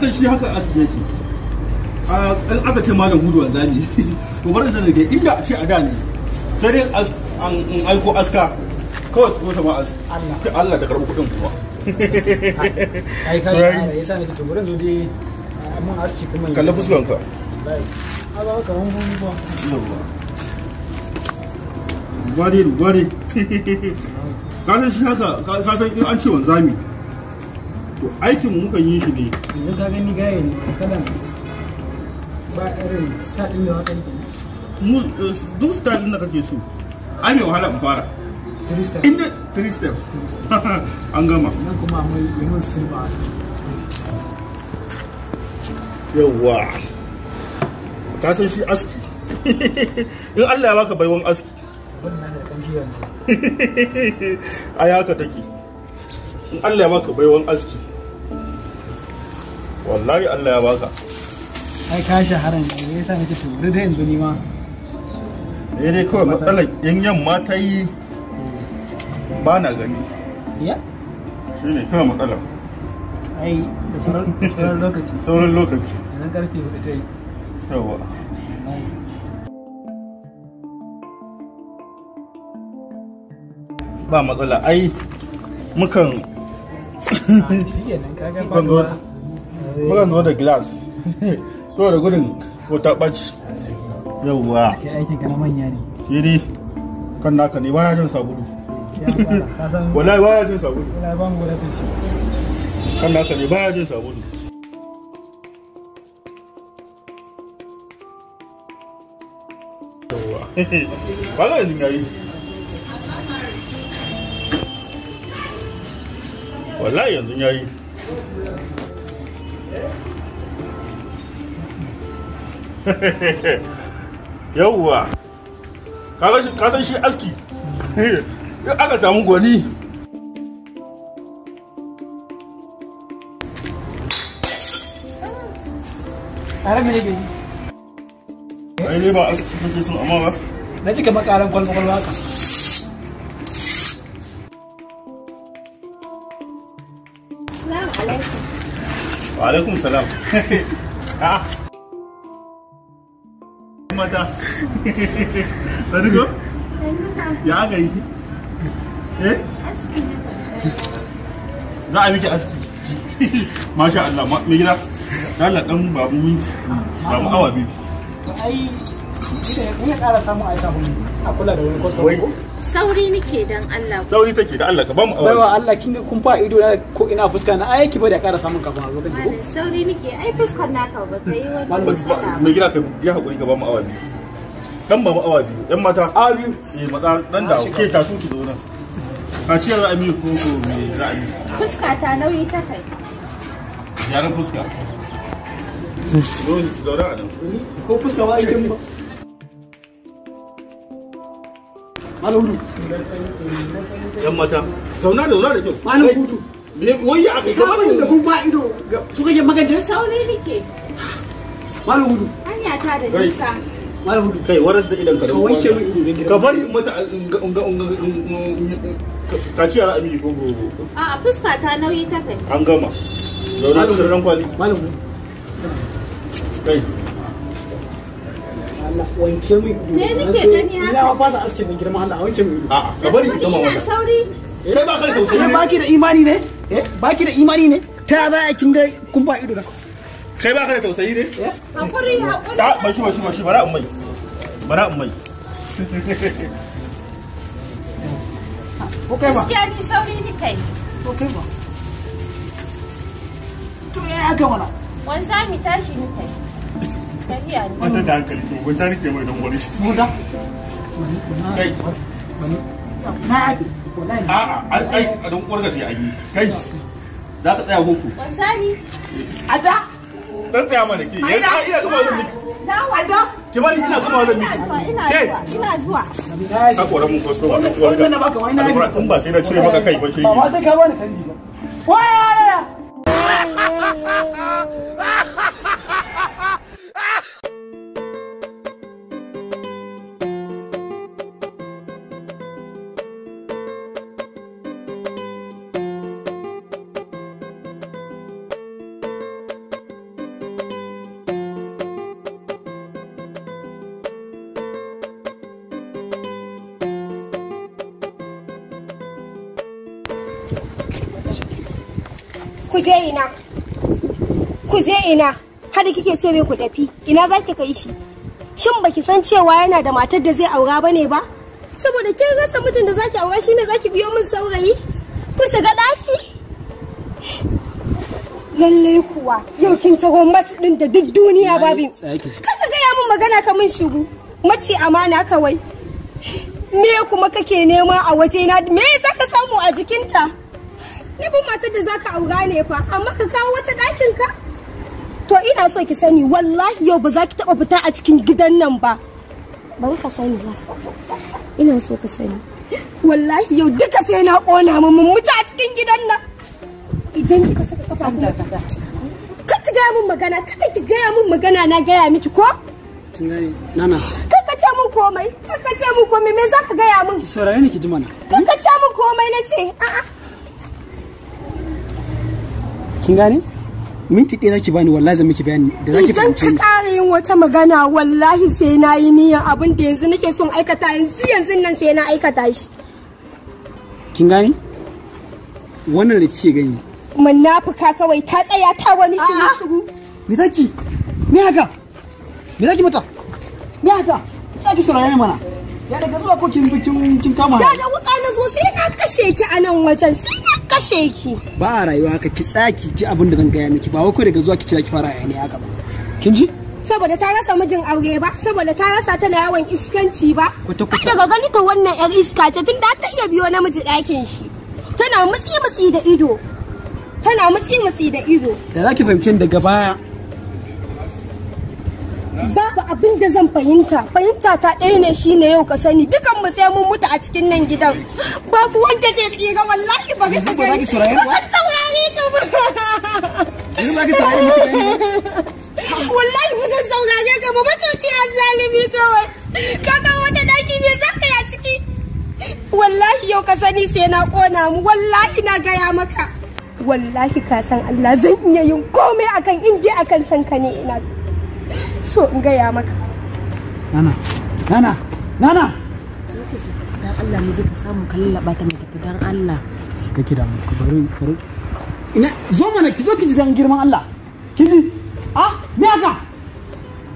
san shi haka aski yake a aka ce malam gudu wanda ne to bar zan da inda a ce a dani sai dai an aiko aska kawai ko sama as aski Allah ta karbi kudin kuma ai ka ya sa ne to gurin zo dai mun aski kuma kallon fuskanka bai a ba ka mun ba gwari gwari ka san shi haka ka san in an ce wanzami to aikin mukan yi shi ne yanzu ka gani gaya ne kalan ba irin stadin da wakan mu eh, duk stadin da kake so ai mai wahala in fara inda tristep an gama nan kuma mai yamin silba yawwa ka san shi aski in Allah ya baka baiwan aski a yaka take in Allah ya baka baiwan aski wallahi Allah ya baka ai ka shahara ne me yasa nake tubure da yanzu ni ma eh dai kawai matsala in yamma ta yi ba na gani ya shi ne kawai matsala. ai da sauran lokaci sauran lokaci da karfe hudu ta yi yawa ba matsala ai mukan ah, ban magana da glass to da gudun ko ta ɓaci yauwa kai aikin ka na manya ne kan naka ne baya jin sabulu wallahi baya jin sabulu wallahi ba mu wadatar shi kan naka ne baya jin sabulu ba za wallahi yanzu yauwa kaga shi aski aka samu gwani tare mene gani ai ne ba aski kake son amma ba na ji kamar karan kwalba kwalba Wa alaikum salam. Ah. mata sani ko ya aka yi eh za a miki aski masha Allah mai gida Allah dan babu minti babu awa biyu ƙara samun aisha a kula da wani Sauri nake dan Allah. Sauri take da Allah ka bamu awai. Baiwa Allah kin kun fa ido na ko ina fuska na ai ki ba da ƙara samun kafa. a lokacin. sauri nake ai fuskar naka ba ta yi wani. Malam mai gida ka ya hakuri ka bamu awa biyu. Dan bamu awa biyu. Yan mata. Awa Eh mata dan da ke ta su ki zo nan. Ka ci ra'ayi ko ko me ra'ayi? Fuska ta nauyi ta kai. ran fuska. Zo zaura a Ko fuska ba ai kin ba. malam hudu yan mata zauna da zauna da kyau malam hudu wai ya kamar da kun ba ido su kake magance saurayi nake malam hudu hanya ta da nisa malam hudu kai waras da idan ka da ka bari mata ka ci a amiri gogo a fuska ta nauyi ta kai an gama zauna ran kwali malam hudu kai wanke min ido ne nake gani haka ina ba sa aske min girma Allah wanke min ido a'a ka bari ido ma wannan sauri eh, kai ba ka da tausayi ne baki da imani ne eh baki da imani ne ta za a kin ga kun ba ido na kai ba ka da tausayi ne eh? hakuri hakuri ba ah, shi ba shi ba shi bara ummai bara ummai ko kai ba gaskiya ni sauri ni kai ko kai ba to ya ga mana wanzami tashi ni kai Mata da hankali ki mugunta nake mai don wani shi. Muda. Kai. Na haɗe. A'a, a don ƙwarga sai an yi. Kai. Za ka tsaya boko. Wanzani. A da. Dan tsaya mana ke. Yanzu a ina gama zan miki. Na wada. Ki bari ina gama zan miki. Ke. Ina zuwa. Ka kora mun kwasto wa don ƙwarga. Wannan baka wani na. Alƙur'an ba sai na cire maka kai ba shi. Ba ma sai ka bani canji ba. Waya! ku je ina ku ina har kike ce mai ku tafi ina zaki ki kai shi shin baki san cewa yana da matar da zai aura bane ba saboda kin rasa mutum da zaki aura shine zaki biyo min saurayi ku shiga daki lalle kuwa yau kin taho mat din da duk duniya babi kaka gaya min magana ka mun shiru mace amana kawai me kuma kake nema a waje na me zaka samu a jikinta nufin matar da zaka aura ne fa amma ka kawo wata ɗakin ka to ina so ki sani wallahi yau ba za ki taɓa fita a cikin gidan nan ba ban ka sani ba ina so ka sani wallahi yau duka sai na ƙona mu mun mutu a cikin gidan nan idan kika saka kafa ka ci gaya min magana kada ki gaya min magana na gaya miki ko nana kakkace min komai kakkace min komai me zaka gaya min ki saurare ni ki ji mana kakkace min komai nace a'a kin gane minti ɗaya zaki bani wallahi zan miki bayani da zaki fahimci idan ka ƙara yin wata magana wallahi sai na yi niyyar abin da yanzu nake son aikata yanzu yanzu nan sai na aikata shi kin gane wannan da kike gani munafuka kawai ta tsaya ta wani shiru shiru me zaki me haka me zaki mata me haka sai ki saurare mana ya daga zuwa ko kin kama da da wuka na zo sai na kashe ki a nan wajen sai na kashe ki ba rayuwa ka ki tsaki ji abin da zan gaya miki ba wai daga zuwa ki ki fara yayani haka ba kin ji saboda ta rasa mijin aure ba saboda ta rasa tana yawan iskanci ba ai daga gani ta wannan yar iska ce tun da ta iya biyo namiji ɗakin shi tana mutsi mutsi da ido tana mutsi mutsi da ido da zaki fahimci daga baya babu abin da zan fahimta fahimta ta ɗaya ne shi ne yau ka sani dukan mu sai mun mutu a cikin nan gidan babu wanda zai tsira wallahi ba ka ka ba wallahi ba zan saurare ka ba ce an zalimi kawai ka ga wata daki ne za ka ya ciki wallahi yau ka sani sai na kona mu wallahi na gaya maka wallahi ka san Allah zan iya yin komai akan inda akan san ka ne ina so in gaya maka nana nana nana dan Allah ne duka samu ka lallaba ta tafi dan Allah kake da mu bari bari ina zo mana ki zo ki ji dan girman Allah ki ji ah me aka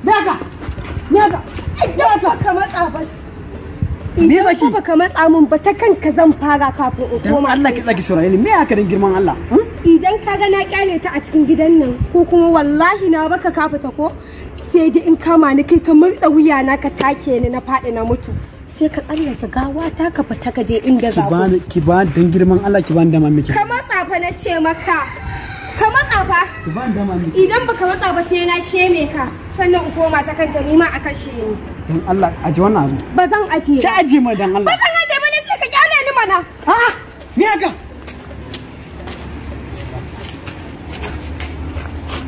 me aka me aka me ka ka matsa ba me zaki ba ka matsa mun ba ta kanka zan fara kafin in koma dan Allah ki tsaki saurayi ne me haka dan girman Allah hmm? idan ka ga na kyale ta a cikin gidan nan ko kuma wallahi na baka ka fita ko sai dai in kama ni kai ka murɗa wuya na ka take ni na faɗi na mutu sai ka tsallake gawa ta ka fita ka je inda za ku ki ba dan girman Allah ki ba dama miki ka matsa fa na ce maka ka matsa fa ki ba dama miki idan baka matsa ba sai na sheme ka sannan in koma ta kanta ni ma a kashe ni dan Allah aji wannan abu ba zan aje ki aje ma dan Allah ba zan aje ba ne ce ka kyale ni mana a ni haka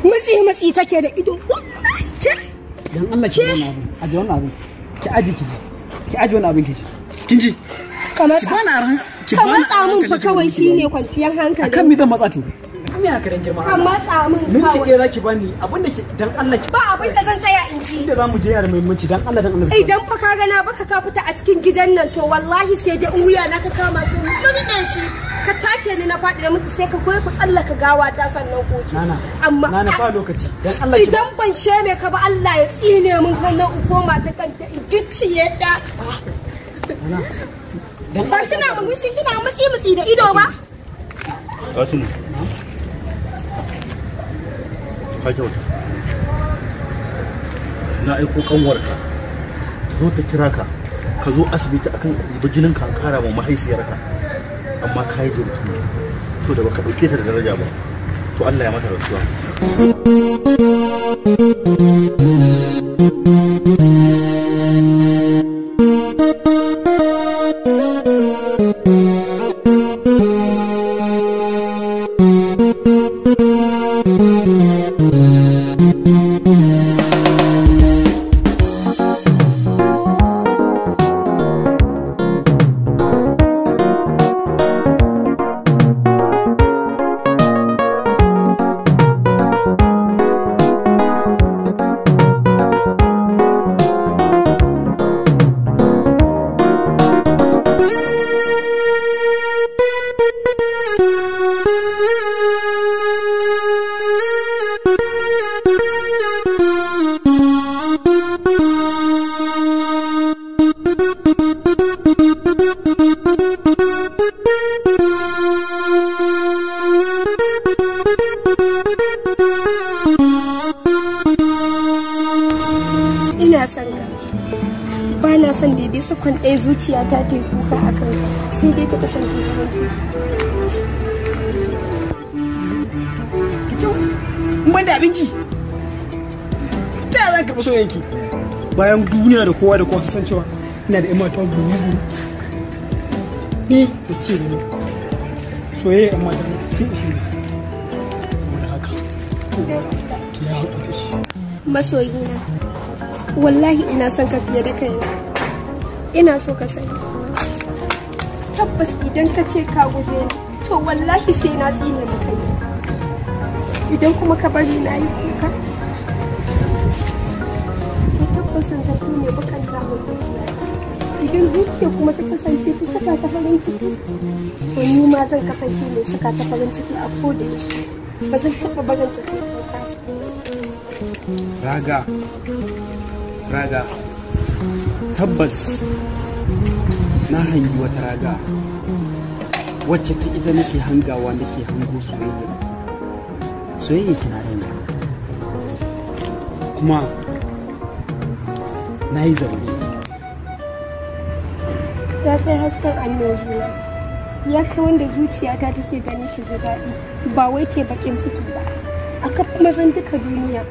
mutsi mutsi take da ido ce dan Allah ki wannan abin aje wannan abin ki aje ki ji ki aje wannan abin ki ji kin ji kamar ki bana ran ki bana tsamin fa kawai shine kwanciyar hankali akan mi dan matsa to me haka dan girma kan matsa min kawai minti ɗaya zaki bani abin da ke dan Allah ki ba abin da zan tsaya in ji inda zamu je yara muhimmanci dan Allah dan Allah idan fa ka gana baka ka fita a cikin gidan nan to wallahi sai dai wuya na ka kama to mun da shi ka take ni na faɗi da mutu sai ka koyi ku ka gawa ta sannan koci amma nana fa lokaci dan Allah idan ban sheme ka ba Allah ya tsine mun hannun ukoma ta kanta in gicciye ta ba kina mugushi kina mutsi mutsi da ido ba kasim ka kyauta na aiko kanwarka zo ta kira ka ka zo asibiti akan ɗiba jinin ka kara wa mahaifiyarka amma ka yi jirgi so da baka ɗauke ta da daraja ba to Allah ya mata rasuwa. ban da abinki ta za ka fi soyayyanki bayan duniya da kowa da kowa su san cewa ina da 'yan mata guru-guru ni da ke da ni soyayya 'yan mata sun ishe ni saboda haka ki ya haƙuri masoyina wallahi ina son ka fiye da kaina ina so ka sani tabbas idan ka ce ka guje ni to wallahi sai na tsine maka yi idan kuma ka bari na yi kuka to tabbasin zato ne bakan samun kuma idan zuciya kuma ta kasance ta saka ta farin ciki to ni ma zan kasance ne saka ta farin ciki a koda yaushe ba zan taɓa barin ta raga raga tabbas na hangi wata raga wacce ta ita nake hangawa nake hango soyayya soyayya na raina kuma na yi zaune ya kai hasken annobi ya kai wanda zuciyata take ganin shi ji daɗi ba wai ke bakin ciki ba a kaf mazan duka duniya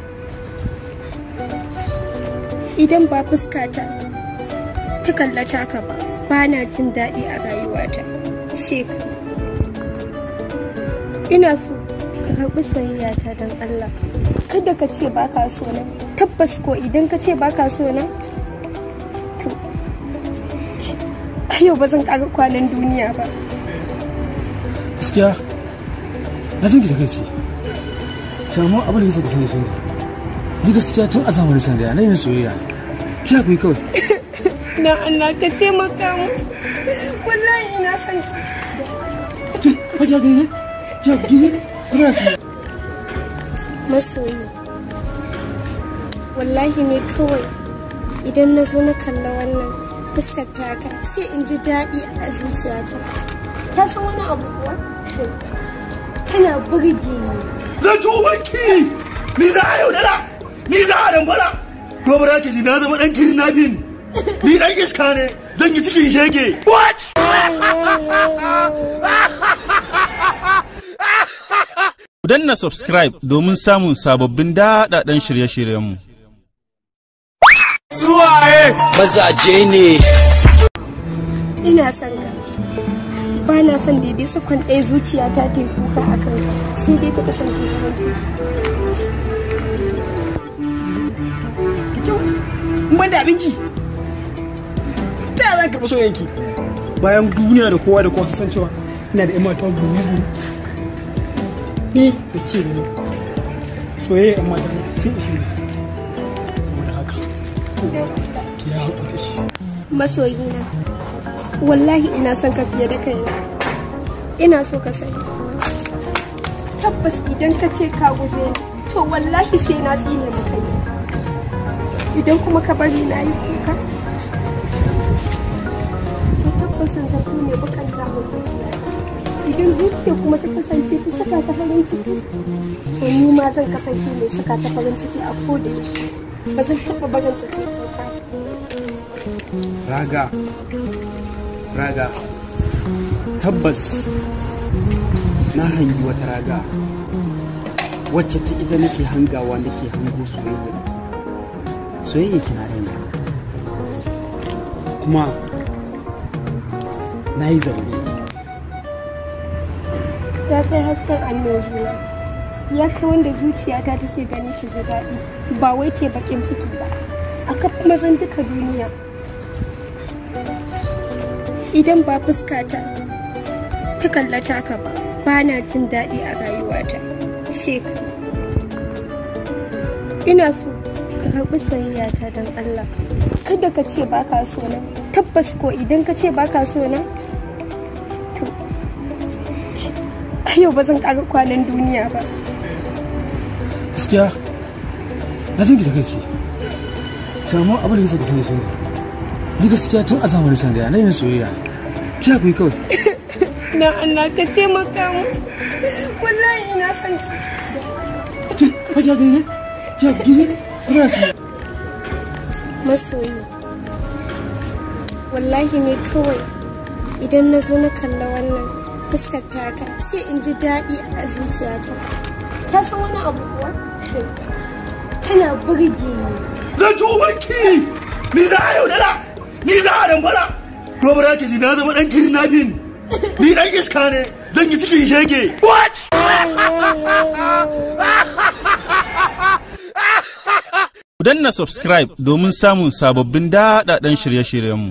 idan ba fuskata ta kallata ka ba ba na jin daɗi a rayuwata sai ina so soyayya ta don Allah kada ka ce ba ka so nan tabbas ko idan ka ce ba ka so nan to yau ba zan kaga kwanan duniya ba gaskiya na san ki takaici amma abin da yasa ki sani shi ni gaskiya tun a zamanin san da yin soyayya ki kai kawai na Allah ka maka mu wallahi ina son ki ki ki ki ki masoyi wallahi ne kawai idan na zo na kalla wannan fuskar taka sai in ji daɗi a zuciyata ta san wani abu kuwa tana burge ni zan ci ubanki ni za a yaudara ni za a dambara gobara ke ji na zama ɗan kidnapping ni ɗan iska ne zan yi cikin shege what Ku danna subscribe domin samun sababbin daɗaɗɗen shirye-shiryenmu. Suwaye! Mazaje ne! Ina son ka. Ba na son daidai kwan ɗaya zuciya ta yi kuka a kan sai dai ta kasance yawanci. ban da abinci? Ta za zan fi so yanki? Bayan duniya da kowa da kowa su san cewa ina da 'yan mata buru ni da ke ne soyayya amma da sun ishe ne saboda haka ki ya haƙuri masoyina wallahi ina son ka fiye da kai ina so ka sani tabbas idan ka ce ka guje to wallahi sai na tsine kai idan kuma ka bari na yi kuka to tabbasin zan zato ne bakan ta idan zuciya kuma ta kasance ta saka ta farin ciki to ni ma zan kasance mai saka ta farin ciki a koda yaushe ba zan taɓa barin ta raga raga tabbas na hangi wata raga wacce ta ita nake hangawa nake hango soyayya soyayya kina raina kuma na yi zaune ta kai hasken annobi ya kai wanda zuciyata take ganin ki ji daɗi ba wai ke bakin ciki ba a kaf mazan duka duniya idan ba fuskata ta kallata ka ba ba na jin daɗi a rayuwata sai ka ina so ka karɓi soyayyata don allah kada ka ce ba ka so na tabbas ko idan ka ce ba ka so na yau ba zan kaga kwanan duniya ba gaskiya na jin ki takaici ta amma abin da ya saka sani shi ni gaskiya tun a zamanin sanda ya yin soyayya ki haƙuri kawai na Allah ka taimaka mu wallahi ina son ki ki ki ne ki Kuma ki ki masoyi wallahi ne kawai idan na zo na kalla wannan fuskanta ka sai in ji daɗi a zuciyata ta san wani abu kuwa tana burge ni zan ci ni da a ni za a dambara dobara ke ji na zama ɗan bin ni ɗan iska ne zan yi cikin shege what Ku danna subscribe domin samun sababbin daɗaɗɗen shirye-shiryenmu.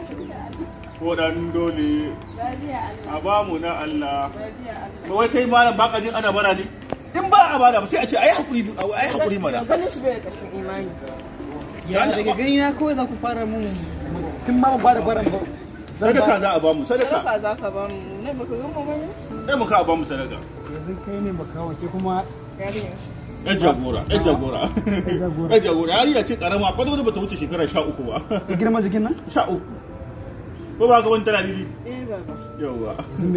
Kodan dole a ba mu na Allah to wai kai malam baka jin ana bara ne in ba a bada ba sai a ce ai hakuri ai hakuri mana ganin shi bai kashin imani ya daga gani na kawai za ku fara mu tun ma ba da baran ba sadaka za a ba mu sadaka sadaka za ka ba mu ne baka ga mu bane ne muka ba mu sadaka yanzu kai ne baka wace kuma yarinya yan jagora yan jagora yan jagora yarinya ce karama kwata da bata wuce shekara sha uku ba girma jikin nan sha uku. ko ba ka wani tana didi eh baba yawa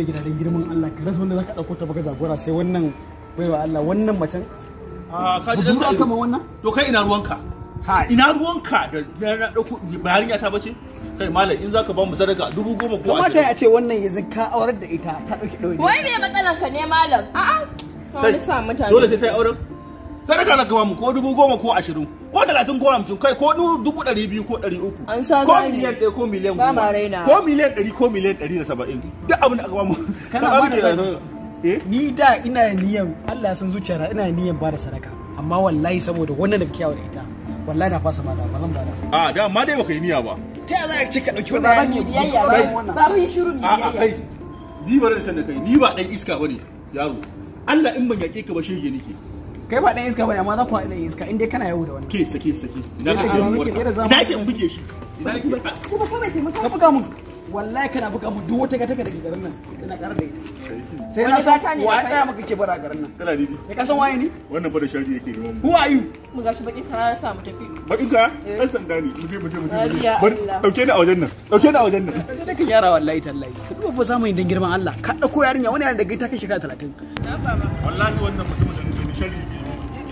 gida dan girman Allah ka rasa wanda zaka dauko ta baka jagora sai wannan baiwa Allah wannan macen a ah, ka ji dan sai kamar wannan to kai ina ruwanka ha ina ruwanka da na dauko yarinya ta bace kai malam in zaka ba mu sadaka dubu goma ko kamata a ce wannan yanzu ka aurar da ita ta dauki dauki wai me matsalan ka ne malam a'a ka wani mutane dole sai ta yi auren sadaka na ka mu ko dubu goma ko ashirin ko talatin ko hamsin kai ko dubu ɗari biyu ko ɗari uku ko miliyan ɗaya ko miliyan goma ko miliyan ɗari ko miliyan ɗari da saba'in duk abin da aka bamu kana ba da eh? ni da ina niyan Allah ya san zuciyara ina niyan ba da sadaka amma wallahi saboda wannan da kake da ita wallahi na fasa da ba zan da a da amma dai baka yi niyya ba ta yaya za ka ci ka ɗauki wannan ba mu yi shiru ne a kai ni ba ran san da kai ni ba ɗan iska bane yaro Allah in ban yaƙe ka ba shirye nake kai ba dan iska ba amma za ku haɗa iska inda kana yau da wannan ke saki saki na ka yi wata na ke buge shi na ke kuma ko bai taimaka ka buga mu wallahi kana buga mu duk wata gataka da ke garin nan ina ƙara da ita sai na san wa tsaya maka ke bara garin nan kana didi ne ka san waye ni wannan fa da sharri yake gaban who are you mu ga shi baki kana sa mu tafi baki ka dan eh. sanda ne mu je mu je mu je dauke ni a wajen nan dauke ni a wajen nan da kake yara wallahi tallahi ku ka duba mu zamani dan girman Allah ka dauko yarinya wani yana da gaita kai shekara 30 wallahi wannan mutum da ne sharri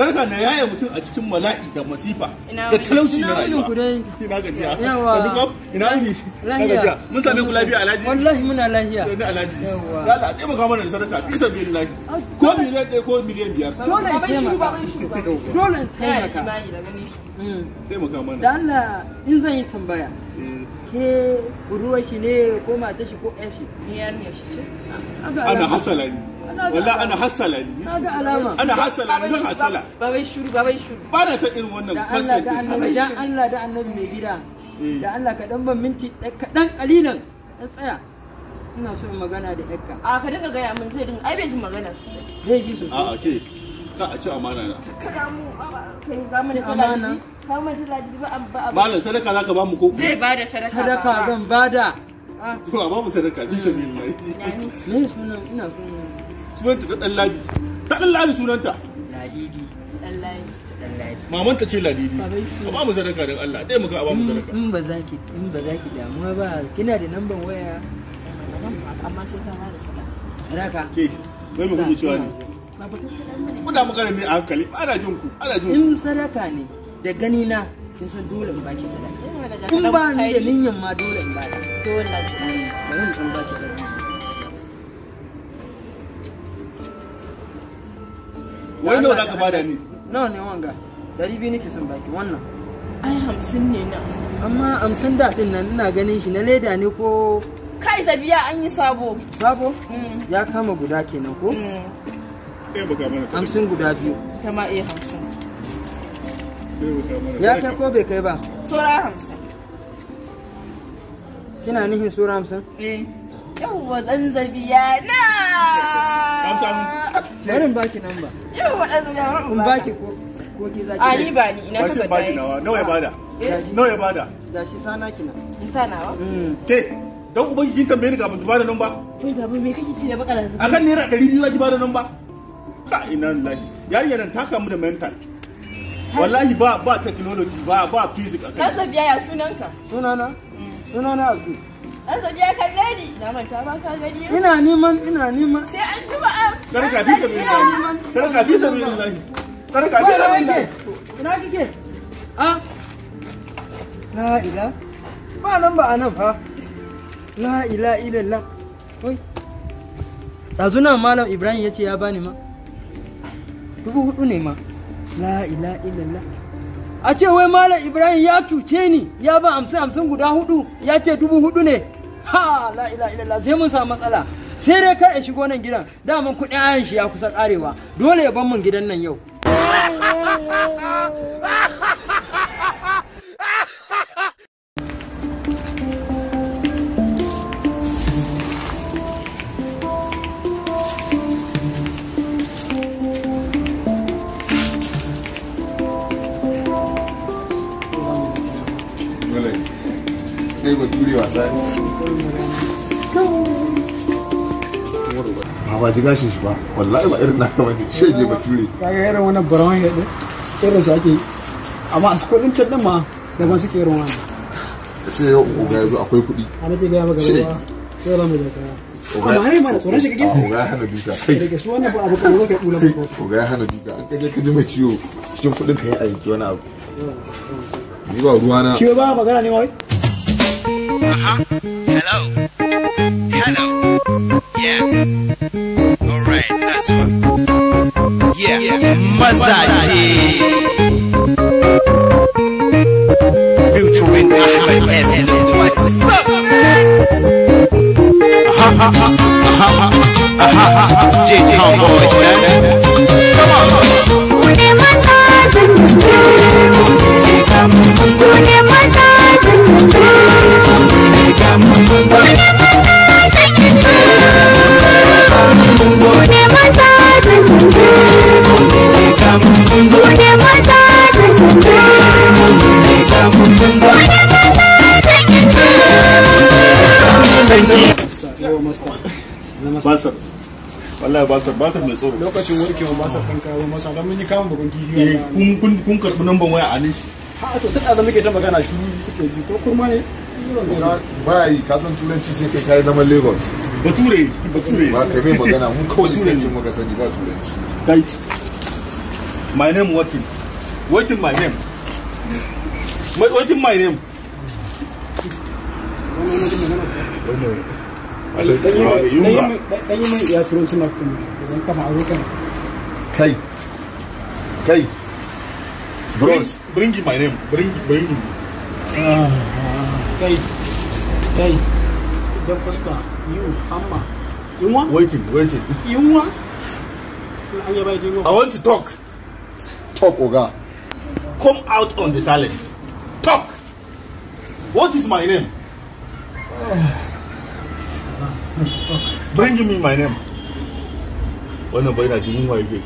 tarka na yaya mutum a cikin mala'i da masifa da talauci na rayuwa ina gajiya yawa ina ni lahiya mun same ku lafiya alhaji wallahi muna lahiya da alhaji yawa Allah taimaka mana da sadaka fi sabilillahi ah, ko miliyan ɗaya ko miliyan biyar dole taimaka dole taimaka mm. taimaka mana da Allah in zan yi tambaya eh. ke ruwa shi ne ko mata shi ko ƴan shi ce. ana hasala ne wallah ana hasala ni ana hasala ni zan hasala babai shuru babai shuru ba na irin wannan kasar da Allah da Allah da annabi mai gida eh. da Allah ka dan ban minti kadan kalilan dan tsaya ina so in magana da yakka a ka gaya min zai din ai bai ji magana sosai zai a ka ci amana na ka ga amana da ladi ba ba malam sadaka zaka ba mu ko zai bada sadaka ba. zan bada to a ba mu sadaka bisa ne mai ne sunan ina sunan sunanta ta dan ladi ta dan ladi sunanta ladidi dan ladi maman ta ce ladidi a ba mu sadaka don Allah dai muka a ba mu mm, sadaka in mm, ba za ki in mm, ba za ki damuwa ba kina da namban waya amma sai ka fara sadaka raka ke mai mu kuma cewa ne ku da magana ne a hankali ana jin ku ana jin in sadaka ne da gani na kin san dole mu baki sadaka in ba ni da linyan ma dole in ba dole ba zan san baki sadaka wai nawa zaka bada ni nawa ne wanga dari biyu nake son baki wannan ai hamsin ne na. amma hamsin da din nan ina ganin shi na leda ne ko kai zabiya an yi sabo sabo mm. ya kama guda kenan ko mm. hamsin guda biyu ta ma iya hamsin ya kai ko bai kai ba sura hamsin kina nihin sura hamsin eh yawwa zanzabiya na barin baki nan ba yawwa zanzabiya barin baki ko ko ke zaki a ni ba ni ina kuka dai nawa ya bada eh? nawa ya bada da shi sana kina in wa? Mm. ke dan ubangijin tambaye ni ga ba da nan ba kai babu me kake ci da bakalan zaki akan naira 200 zaki da nan ba ka ina lillahi yarinya nan ta kamu da mental wallahi ba ba technology ba ba physics akan zanzabiya ya sunanka sunana mm. sunana abdul An ya kalle ni. Ina neman ina neman. Sai an ji ba. fi fi fi nan ba anan fa. La ila Malam Ibrahim yace ya bani ma. Dubu hudu ne ma. a ce wai malam ibrahim ya cuce ni ya ba hamsin hamsin guda hudu ya ce dubu hudu ne ha la ila ila sai mun samu matsala sai dai kar ya shigo nan gidan daman kuɗin ayan shi ya kusa karewa dole ya ban mun gidan nan yau bature wasa ne ba ji gashin shi ba wallahi ba irin naka bane shege bature kaga irin wannan barawan ya din irin sa ake amma a skodin can din ma da ba suke irin wannan A ce yau uga yazo akwai kuɗi a nake ga maka gaba sai ramu da kaya amma har tsoron shi kake uga ya hana duka kai da su wannan abu ka zo ka kula ba uga ya hana duka an kaje ka ji mai ciwo cikin kuɗin ka ya aiki wani abu ni ba ruwana ki ba magana ne wai Uh-huh. Hello. Hello. Yeah. Alright, That's one. Yeah. yeah. Mazaji. Featuring Ahmed S. What's up, man? J-Town boys, man. Come on. Come on. wallahi lokacin warkewa ba sa kan kawo masa dan mun yi kawo babban kifi eh, kun kun karbi waya a ha to tun da muke ta magana shi kuke ji ko kurma ne ba yi kasan turanci sai kai kai zaman lagos bature bature ba kai mai magana mun kawai iskancin maka sani ba turanci kai my name watin watin my name watin my name kai kai bros bring my name bring bring kai kai jan fuska you You want? waiting waiting You want? i want to talk talk oga come out on the silent talk what is my name bring me my name wannan bai na jin yunwa yake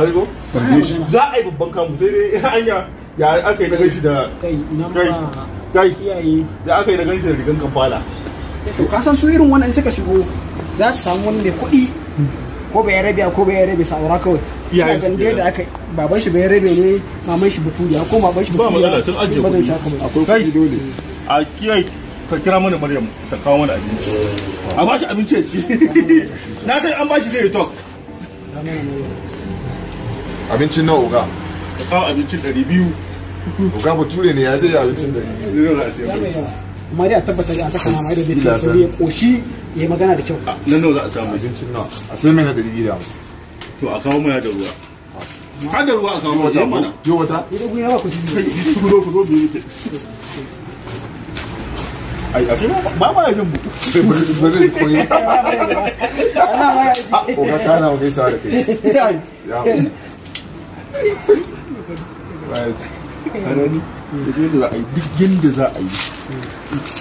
za a yi babban kamu sai dai hanya ya aka yi na ganshi da kai kai ya aka yi na ganshi da rigan kamfala to ka san su irin wannan suka shigo za su samu wani mai kuɗi ko bai rabiya ko bai rabe saura kawai iyaye su da aka baban shi bai rabe ne maman shi buturiya ko baban shi buturiya ba matsala sun ajiye kuɗi akwai kuɗi dole a kiyaye ka kira mana Maryam ta kawo mana abinci a bashi abinci ya ci na san an bashi zai tok. abincin na oga ka kawo abincin ɗari biyu ga bature ne ya zai abincin ɗari biyu amma dai a tabbata da an saka mamaye da zai ce ya koshi ya magana da kyau nan nawa za a samu abincin nawa a sai mai na ɗari biyu da hamsin to a kawo mana da ruwa har da ruwa a kawo mana mana je wata idan kun yawa ku sisi ku zo ku zo biyu ta ai a ba ma yajin mu ba zai koyi ba ko ka kana wani sa da kai ya kanani ai duk yadda za a yi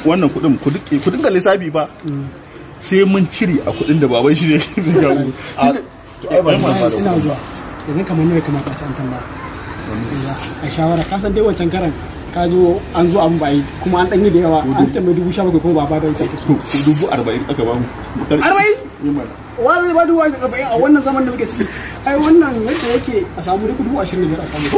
wannan kudin ku dinga lissafi ba sai mun cire a kudin da baban shi ne da jago a ina zuwa yanzu kamar ne kamata a ci tamba a shawara ka san dai wancan karan ka zo an zo abin bai kuma an danyi da yawa an tambayi dubu sha bakwai kuma ba ba da ita dubu arba'in aka ba mu arba'in wa zai ba dubu arba'in a wannan zaman da muke ciki ai wannan yadda yake a samu dubu ashirin da biyar a samu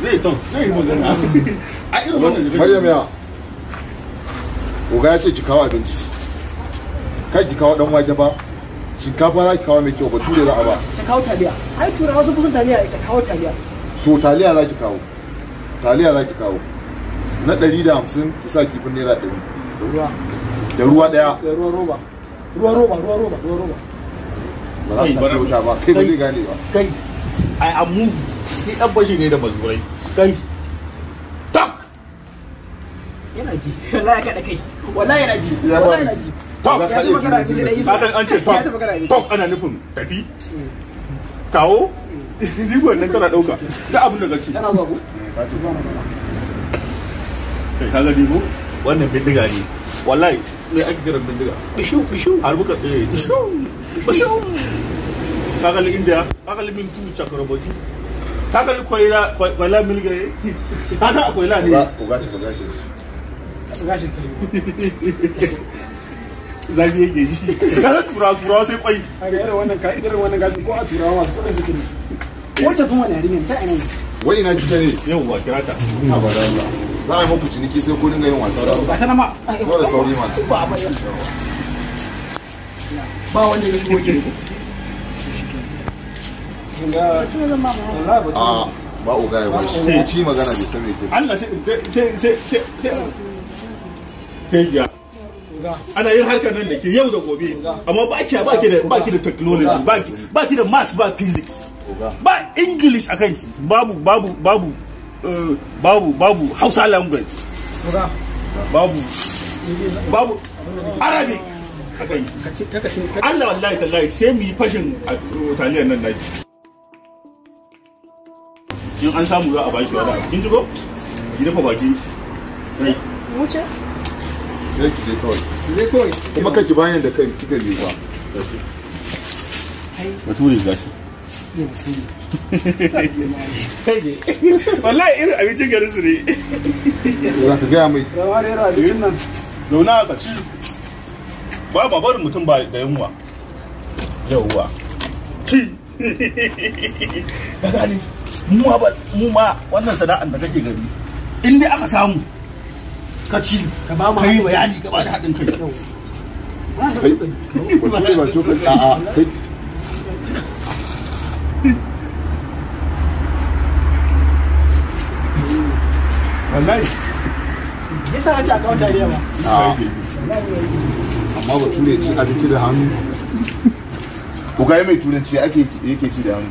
Maryam ya Oga ya ce ki kawo abinci kai ki kawo dan wake ba shinkafa za ki kawo mai kyau ba ture za a ba ta kawo taliya ai taliya ta kawo taliya to taliya za ki kawo taliya za ki kawo na ɗari da hamsin ki sa kifin naira ɗari da ruwa ɗaya da ruwa roba ruwa roba ruwa roba ruwa roba ba za su ba kai ba zai gane ba kai ai amu ni sih bashi dah bagus lagi? kai tak yana ji wallahi kada kai wallahi yana ji wallahi yana ji tok ya ji magana ce da isa an Tak tok tok ana nufin tafi kawo ni wannan nak dauka da abin da kace kana zuwa Tak ka ce ka ga dibo wannan bindiga ne wallahi ne ake kiran bindiga bishu bishu har buka eh bishu bishu kaga inda kaga min tu chakraboti kaga ni koyla koyla mil ga kaga koyla ne ko ga ta gashi gashi zafi yake ji kaga turawa turawa sai kwai kaga irin wannan ka irin wannan gashi ko a turawa masu ne wacce tun wani yarinyar ta anan wai ina jita ne yau ba kira ta a ba da Allah za a yi muku ciniki sai ku dinga yin wasa da ba ta na ma dole sauri ma ba wanda a ba uga ya bashi shi magana bai san ke Allah sai sai sai sai ya ana yin harkar nan da ke yau da gobe amma ba ki ba ki da ba ki da technology ba ki ba ki da maths ba physics ba english akan ki babu babu babu eh, babu babu hausa language babu babu arabic akan ki Allah wallahi tallahi sai mu yi fashin uh, taliyar nan naki in an samu za a baki wani abu kin ji ko ki dafa baki kai wuce sai ki je kawai ki je kawai kuma kake bayan da kai kika je ba bature gashi wallahi irin abincin gari su ne za ka gaya mai rawa da yara abincin nan eh, zauna a kaci ba ma barin mutum ba da yunwa yauwa ci ka gane mu ma mu ma wannan sana'an da kake gani in dai aka samu ka ci ka ba mu bayani ka da kai wallahi ka ci ba amma ba ture ci abinci da hannu ku ga mai turanci yake ci da hannu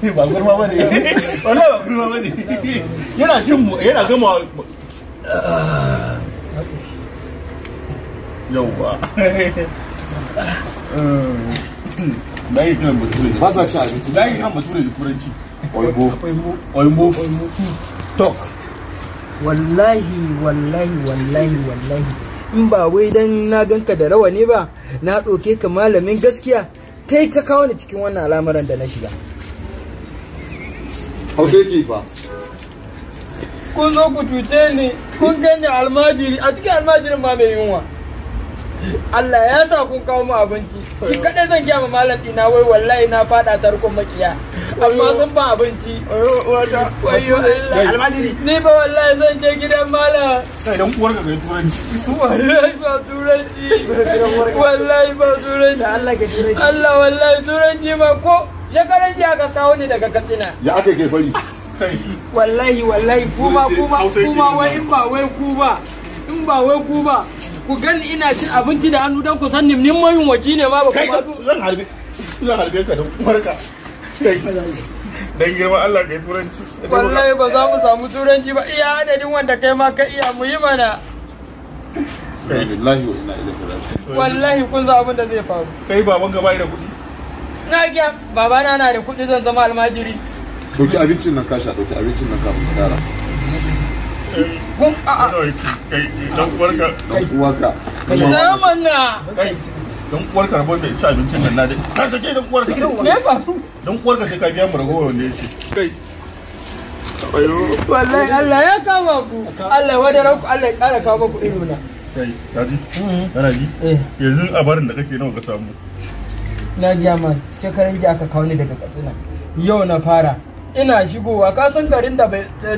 ba gurma bane wala ba gurma bane yana jin mu yana gama yauwa na yi kiran bature ba sa ci abinci na yi kiran bature da turanci oibo oibo tok wallahi wallahi wallahi wallahi in ba wai dan na ganka da rawa ne ba na ɗauke ka malamin gaskiya kai ka kawo ni cikin wannan al'amuran da na shiga hausa kun zo ku cuce ni kun gani almajiri a cikin almajirin ma mai yunwa Allah ya sa kun kawo mu abinci shi kadai zan gaya ma malam dina wai wallahi na fada tarkon makiya amma sun ba abinci wayo Allah ni ba wallahi zan je gidan malam sai dan uwar ka ga turanci wallahi ba turanci wallahi ba turanci Allah wallahi turanci ma ko shekaran jiya ka kawo ni daga katsina ya aka kai fari wallahi wallahi kuma kuma kuma wai in ba wai ku ba in ba wai ku ba ku gan ina cin abinci da hannu don ku san nimnin mayun waje ne ba ba kai zan harbe zan harbe ka da umarka dan girma Allah kai turanci wallahi ba za mu samu turanci ba iya adadin wanda kai ma ka iya mu yi mana wallahi kun za abin da zai faru kai baban gaba da kuɗi na gya baba na na da kuɗi zan zama almajiri dauki abincin nan kasha dauki abincin nan kafin ka kara kun a a dan uwarka dan uwarka na manna dan uwarka rabo mai ci abincin nan na dai ka sake dan uwarka me fa dan uwarka sai ka biya mu ragowa wanda yake kai wallahi Allah ya kama ku Allah wadara ku Allah ya kara kama ku iruna kai kaji mm. kana ji eh. yanzu a barin da kake nawa ka samu na gaya ma shekaran ji aka kawo ni daga katsina yau na fara ina shigowa ka san garin da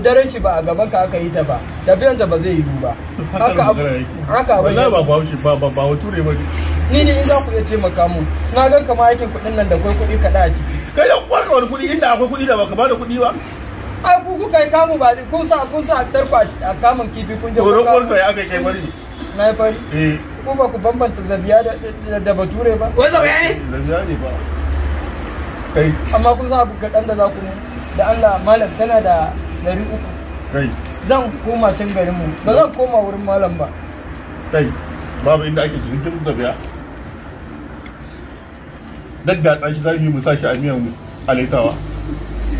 daren shi ba a gaban ka aka yi ta ba tafiyan ta ba zai yi ba haka haka ba ba ba shi ba ba ba ture ba ni ne in za ku iya taimaka mu na ga kama aikin kuɗin nan da kai kuɗi ka a ciki kai da kwarka wani kuɗi inda akwai kuɗi da baka ba da kuɗi ba ai ku kuka yi kamu ba kun sa kun sa tarko a kamun kifi kun je kun kwarka ya kai kai bari na ya fari eh. ko ba ku bambanta zabiya da bature ba wai zabiya ne zabiya ne ba kai amma kun san abu kaɗan da za ku mu da Allah malam tana da ɗari uku kai zan koma can garin mu ba zan koma wurin malam ba kai babu inda ake cikin cinikin zabiya daddatsa shi za mu sa shi a miyan alaitawa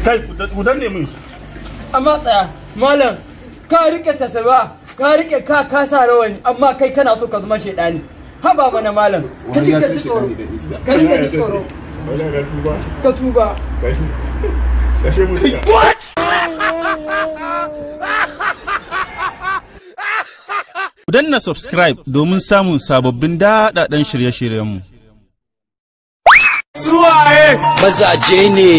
kai ku ne mun amma tsaya malam ka rike ta saba ka rike ka kasa rawani amma kai kana so ka zama shaidani haba mana malam ka ji ka tsoro ka ji ka tsoro ka tuba ka ka tuba shi mu dan na subscribe domin samun sababbin dadadan shirye-shiryenmu suwaye eh. mazaje ne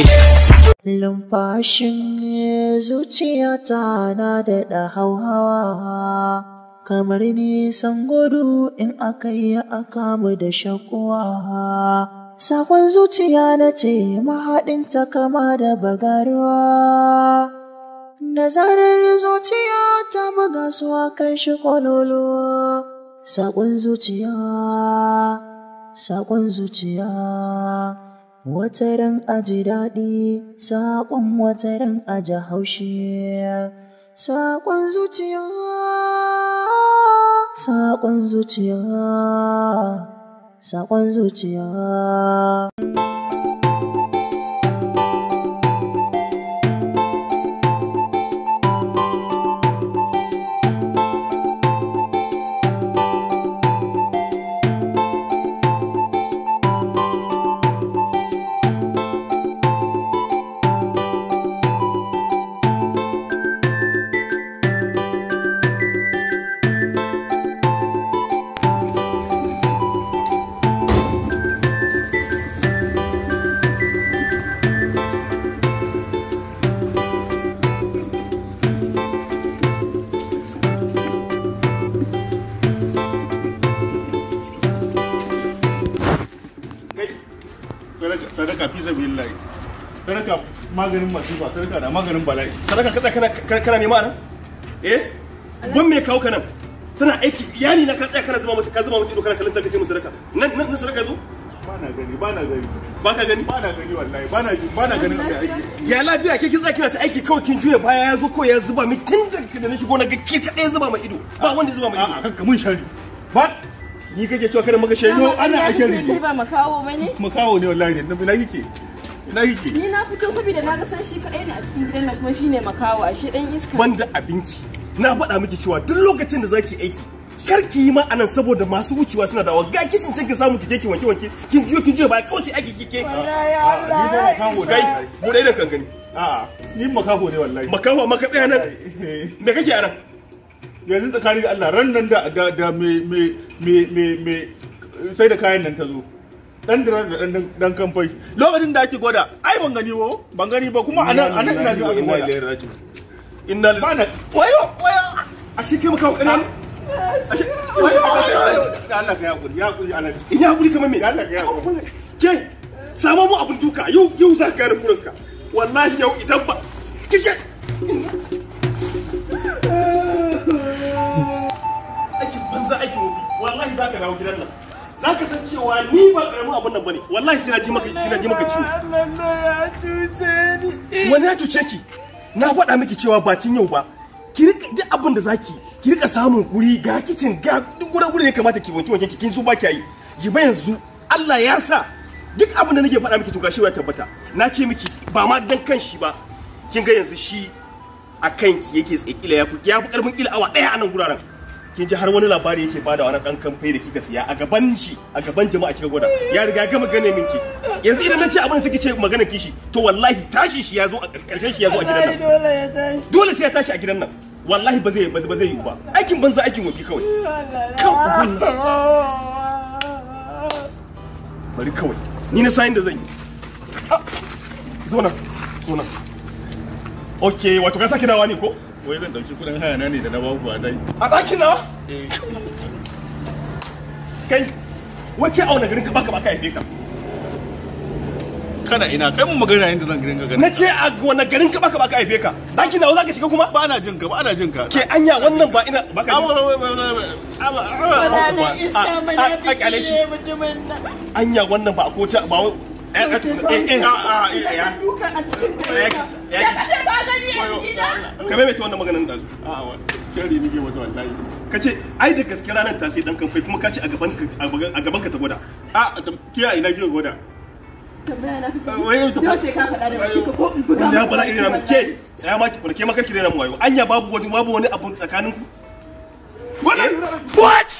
Lumfashin zuciyata da daɗa hauhawa, kamar nisan gudu in aka yi aka mu da shakuwa. Sakon zuciya na ce mahaɗin ta kama da bagaruwa. Da zarar zuciya ta buga su a kan shi ƙwaloluwa. Sakon zuciya, sakon zuciya. wata a aji daɗi, saƙon wataran aji haushi, saƙon zuciya, saƙon zuciya, saƙon zuciya. alhamdulillah sadaka maganin masifa sadaka da maganin bala'i sadaka kada kana kana nema nan eh ban me kawo ka tana aiki iyali na ka tsaya kana zama mata ka zama mata ido kana kallon zakace mu sadaka nan nan sadaka zo bana gani bana gani baka gani bana gani wallahi bana bana ganin kai aiki ya lafiya ke kin tsaya kina ta aiki kawai kin jure baya ya zo kawai ya zuba mi tun da na shigo na ga zuba ma ido ba wanda zuba ma ido a'a kanka mun shari ba ni kake cewa kada maka shari ana a shari ba makawo bane makawo ne wallahi ne na bilaki ke ina yake ni na fito saboda na ga san shi kadai ne a cikin gidan nan kuma shine makawa ashe dan iska banda abinki na faɗa miki cewa duk lokacin da zaki aiki kar ki yi ma anan saboda masu wucewa suna dawo ga kicin can ki samu ki je ki wanke wanke kin jiyo kin jiyo ba kawai sai ake kike ni ba makaho dai mu dai da kankani a'a ni makaho ne wallahi makaho maka tsaya nan me kake nan. yanzu tsakani da Allah ran nan da da me me me me sai da kayan nan ta zo dan dan dan dan kamfai lokacin da ake gwada ai ban gani ba ban gani ba kuma anan anan ina ji ban inna bana wayo wayo a shi kai maka kana wayo Allah ka yakuri yakuri Allah in yakuri kamar me Allah ka yakuri ke samu mu abun duka yau yau za ka gane burinka wallahi yau idan ba kike aikin banza aikin wallahi za ka dawo gidan nan za ka san cewa ni ba karamin abun nan ne. wallahi sai na ji maka sai na ji maka ciwo wani ya cuce ki na faɗa miki cewa ba tun yau ba ki rika duk abin da zaki ki rika samun guri ga kicin ga duk gurin gurin ya kamata ki wanke wanke ki kin su ba ki yi ji yanzu Allah ya sa duk abin da nake faɗa miki to gashi ya tabbata na ce miki ba ma dan kan shi ba kin ga yanzu shi a kanki yake tsaye kila ya fi karfin kila awa daya a nan guraren kin ji har wani labari yake bada wani dan kamfe da kika siya a gaban shi a gaban jama'a kika gwada ya riga gama gane minki yanzu idan na ce abin suke ce magana kishi to wallahi tashi shi ya zo a karshen shi ya zo a gidan nan dole sai ya tashi a gidan nan wallahi ba zai ba zai yi ba aikin banza aikin wabi kawai kawai bari kawai ni na sayin da zan yi ah! zo nan zo nan okay wato ka saki dawa ne ko wai zan dauki kudin haya na ne da na baku a dai a daki na kai wai kai auna garin ka baka baka haife ka kana ina kai mun magana inda zan gidan gagara nace a wani garin ka baka baka haife ka daki nawa zaka shiga kuma ba ana jin ka ba ana jin ka ke anya wannan ba ina baka ba ba ba ba ba ka a a ya duka a cikin ce a a shari ai da gaske ranar ta sai dan kan kuma kace a gaban a gaban ka ta gwada a kiyaye na kiyo gwada ya bala irin ramu ke tsaya ma ki ma karki ramu wayo anya babu wani babu wani abu tsakanin ku what